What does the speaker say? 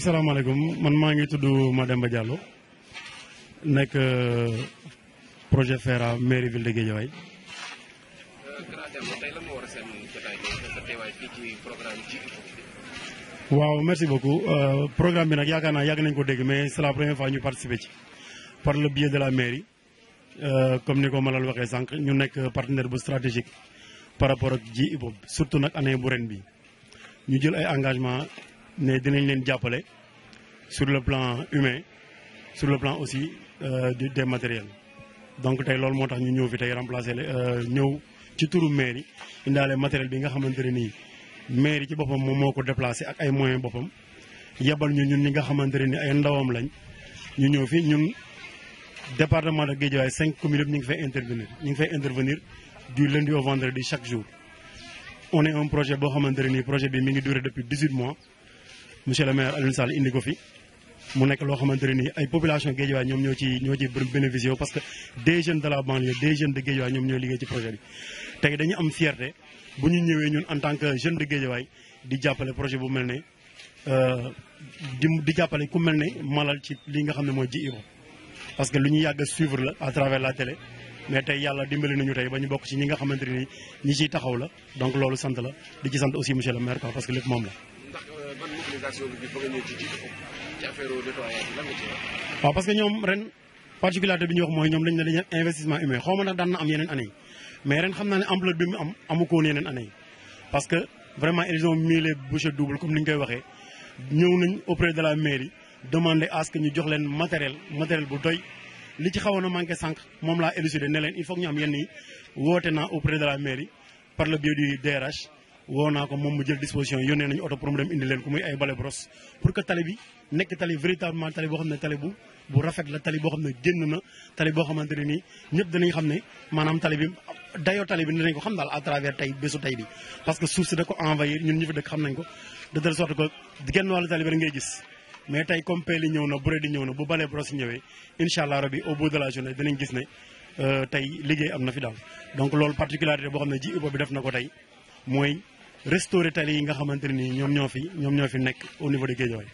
Assalamualaikum, man ma ngi tuddu madame naik nek euh, projet FERA mairie ville de Wow, Wow, merci beaucoup euh, programme bi nag yaakaar naa yàgg ko dégg mais c'est la première fois ñu participer ci par le biais de la mairie euh, comme ni Malal ñu partenaire bu stratégique par rapport ak ji surtout nag année bu ren bi ñu jël ay engagement ne dinañ leen jàppale sur le plan humain sur le plan aussi euh, des matériels donc tey loolu moo tax ñu ñëw fi tey remplacer euh, ñëw ci turu mairie indaale matériel bi nga xamante ne nii mairie ci boppam moom moo ko déplacé ak ay moyens boppam yebal ñu ñun ñi nga xamante ni ay ndawam lañ ñu ñëw fi ñun département de Guédiawaye cinq communes yëpp ñu ngi fay intervenir ñu ngi fay intervenir du lundi au vendredi chaque jour on est un projet boo xamante ne projet bi mi ngi duré depuis 18 mois monsieur le maire Alioune Sall ko fi mu nekk loo xamante ne nii ay population Guédiawaye ñoom ñoo ci ñoo ci bénéficié parce que des jeunes de la banlieue des jeunes de Guédiawaye ñoom ñoo liggéey ci projet bi tey dañu am fierté bu ñu ñëwee ñun en tant que jeune de Guédiawaye di jàppale projet bu mel ne euh, di di jàppale ku mel ne Malal ci li nga xam ne mooy ji parce que lu ñu yàgg a suivre la à travers la télé mais tey yàlla dimbali nañu tey ba ñu bokk ci ñi nga xamante ne nii ñi ciy taxaw la donc loolu sant la di ci sant ban mobilisation bi bëgg a ñëw ci jiitu ci nettoyage bi lan parce que ñoom ren particularité bi ñu wax mooy ñoom dañ ne investissement humain xaw ma ndax daan na am yeneen année mais ren xam naa ne ampleur bi mu am amu ko année parce que vraiment ils ont mis les bouchées doubles comme ni ñu koy waxee ñëw nañ auprès de la mairie demander à ce que ñu jox leen matériel matériel bu doy li ci xawoon a manqué sànq moom laa élucidé ne il faut que ñu am yenn yi woote naa auprès de la mairie par le biais du DRH woo naa ko moom mu jël disposition yónnee nañu oto pour mu dem indi leen ku muy ay bale brosse pour que tali nekk tali véritablement tali boo xam ne tali bu bu ne génn na tali boo xamante ne nii ñëpp dinañ xam ne maanaam tali bi ko xam daal à travers tey bésu tey bi parce que suuf si da ko envahir ñun ñu fi dëkk xam nañ ko de telle sorte que genn wàllu tali rek ngay gis mais tey comme peel ñëw na buré di ñëw na bu bale brosse ñëwee incha allah rabi au de la journée dinañ gis ne euh, tey liggéey am na fi daal donc loolu particularité boo xam ne bi def na ko tey mooy restaurer tali yi nga xamante ne nii ñoom ñoo fi ñoom ñoo fi nekk au niveau de Guédiawaye